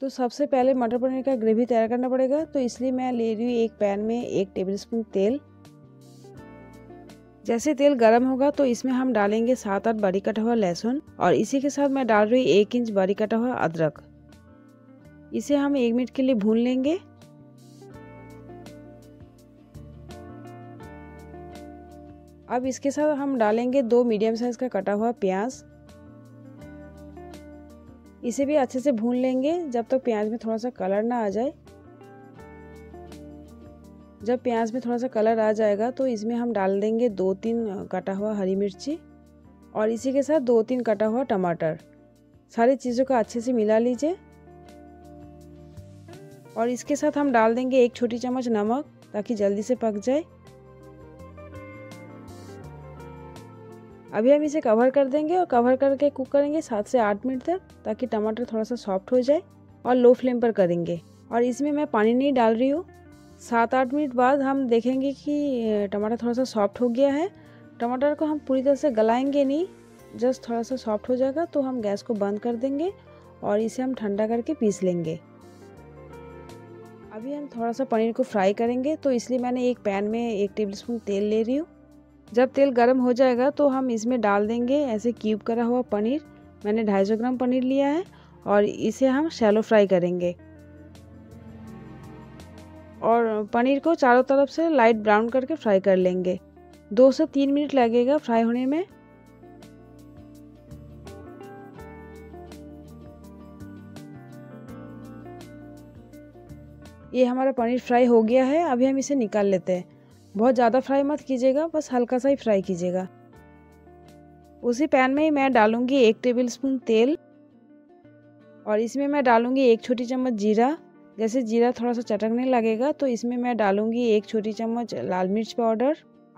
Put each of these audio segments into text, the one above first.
तो सबसे पहले मटर पनीर का ग्रेवी तैयार करना पड़ेगा तो इसलिए मैं ले रही हूँ एक पैन में एक टेबलस्पून तेल जैसे तेल गर्म होगा तो इसमें हम डालेंगे सात आठ बारीक कटा हुआ लहसुन और इसी के साथ मैं डाल रही हूँ एक इंच बारीक कटा हुआ अदरक इसे हम एक मिनट के लिए भून लेंगे अब इसके साथ हम डालेंगे दो मीडियम साइज़ का कटा हुआ प्याज इसे भी अच्छे से भून लेंगे जब तक तो प्याज में थोड़ा सा कलर ना आ जाए जब प्याज में थोड़ा सा कलर आ जाएगा तो इसमें हम डाल देंगे दो तीन कटा हुआ हरी मिर्ची और इसी के साथ दो तीन कटा हुआ टमाटर सारी चीज़ों को अच्छे से मिला लीजिए और इसके साथ हम डाल देंगे एक छोटी चम्मच नमक ताकि जल्दी से पक जाए अभी हम इसे कवर कर देंगे और कवर करके कुक करेंगे सात से आठ मिनट तक ताकि टमाटर थोड़ा सा सॉफ्ट हो जाए और लो फ्लेम पर करेंगे और इसमें मैं पानी नहीं डाल रही हूँ सात आठ मिनट बाद हम देखेंगे कि टमाटर थोड़ा सा सॉफ्ट हो गया है टमाटर को हम पूरी तरह से गलाएंगे नहीं जस्ट थोड़ा सा सॉफ्ट हो जाएगा तो हम गैस को बंद कर देंगे और इसे हम ठंडा करके पीस लेंगे अभी हम थोड़ा सा पनीर को फ्राई करेंगे तो इसलिए मैंने एक पैन में एक टेबलस्पून तेल ले रही हूँ जब तेल गर्म हो जाएगा तो हम इसमें डाल देंगे ऐसे क्यूब करा हुआ पनीर मैंने 250 ग्राम पनीर लिया है और इसे हम शैलो फ्राई करेंगे और पनीर को चारों तरफ से लाइट ब्राउन करके फ्राई कर लेंगे दो से तीन मिनट लगेगा फ्राई होने में ये हमारा पनीर फ्राई हो गया है अभी हम इसे निकाल लेते हैं बहुत ज़्यादा फ्राई मत कीजिएगा बस हल्का सा ही फ्राई कीजिएगा उसी पैन में ही मैं डालूंगी एक टेबल स्पून तेल और इसमें मैं डालूंगी एक छोटी चम्मच जीरा जैसे जीरा थोड़ा सा चटकने लगेगा तो इसमें मैं डालूंगी एक छोटी चम्मच लाल मिर्च पाउडर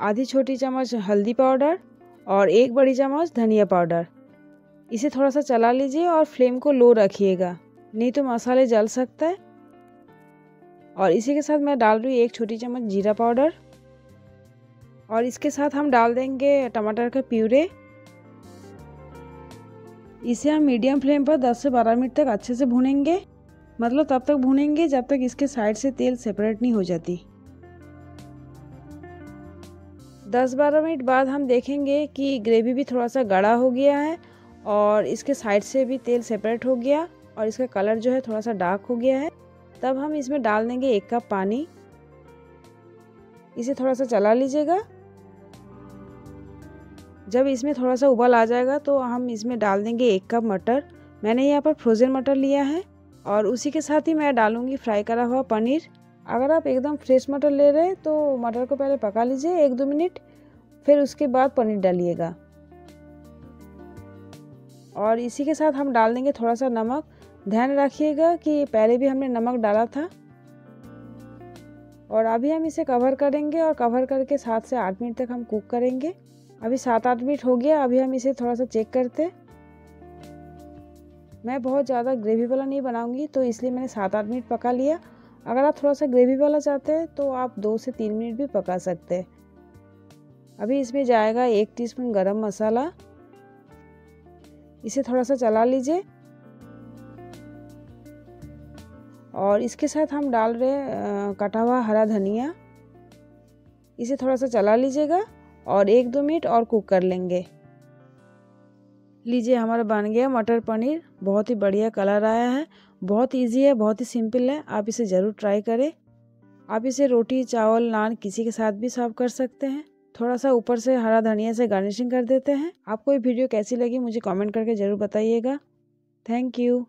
आधी छोटी चम्मच हल्दी पाउडर और एक बड़ी चम्मच धनिया पाउडर इसे थोड़ा सा चला लीजिए और फ्लेम को लो रखिएगा नहीं तो मसाले जल सकता है और इसी के साथ मैं डाल रही एक छोटी चम्मच जीरा पाउडर और इसके साथ हम डाल देंगे टमाटर का प्यूरे इसे हम मीडियम फ्लेम पर 10 से 12 मिनट तक अच्छे से भूनेंगे मतलब तब तक भूनेंगे जब तक इसके साइड से तेल सेपरेट नहीं हो जाती 10-12 मिनट बाद हम देखेंगे कि ग्रेवी भी थोड़ा सा गाढ़ा हो गया है और इसके साइड से भी तेल सेपरेट हो गया और इसका कलर जो है थोड़ा सा डार्क हो गया है तब हम इसमें डाल देंगे एक कप पानी इसे थोड़ा सा चला लीजिएगा जब इसमें थोड़ा सा उबाल आ जाएगा तो हम इसमें डाल देंगे एक कप मटर मैंने यहाँ पर फ्रोज़न मटर लिया है और उसी के साथ ही मैं डालूँगी फ्राई करा हुआ पनीर अगर आप एकदम फ्रेश मटर ले रहे हैं तो मटर को पहले पका लीजिए एक दो मिनट फिर उसके बाद पनीर डालिएगा और इसी के साथ हम डाल देंगे थोड़ा सा नमक ध्यान रखिएगा कि पहले भी हमने नमक डाला था और अभी हम इसे कवर करेंगे और कवर करके सात से आठ मिनट तक हम कुक करेंगे अभी सात आठ मिनट हो गया अभी हम इसे थोड़ा सा चेक करते मैं बहुत ज़्यादा ग्रेवी वाला नहीं बनाऊंगी तो इसलिए मैंने सात आठ मिनट पका लिया अगर आप थोड़ा सा ग्रेवी वाला चाहते हैं तो आप दो से तीन मिनट भी पका सकते हैं अभी इसमें जाएगा एक टीस्पून गरम मसाला इसे थोड़ा सा चला लीजिए और इसके साथ हम डाल रहे हैं कटा हुआ हरा धनिया इसे थोड़ा सा चला लीजिएगा और एक दो मिनट और कुक कर लेंगे लीजिए हमारा बन गया मटर पनीर बहुत ही बढ़िया कलर आया है बहुत इजी है बहुत ही सिंपल है आप इसे ज़रूर ट्राई करें आप इसे रोटी चावल नान किसी के साथ भी सर्व कर सकते हैं थोड़ा सा ऊपर से हरा धनिया से गार्निशिंग कर देते हैं आपको ये वीडियो कैसी लगी मुझे कमेंट करके ज़रूर बताइएगा थैंक यू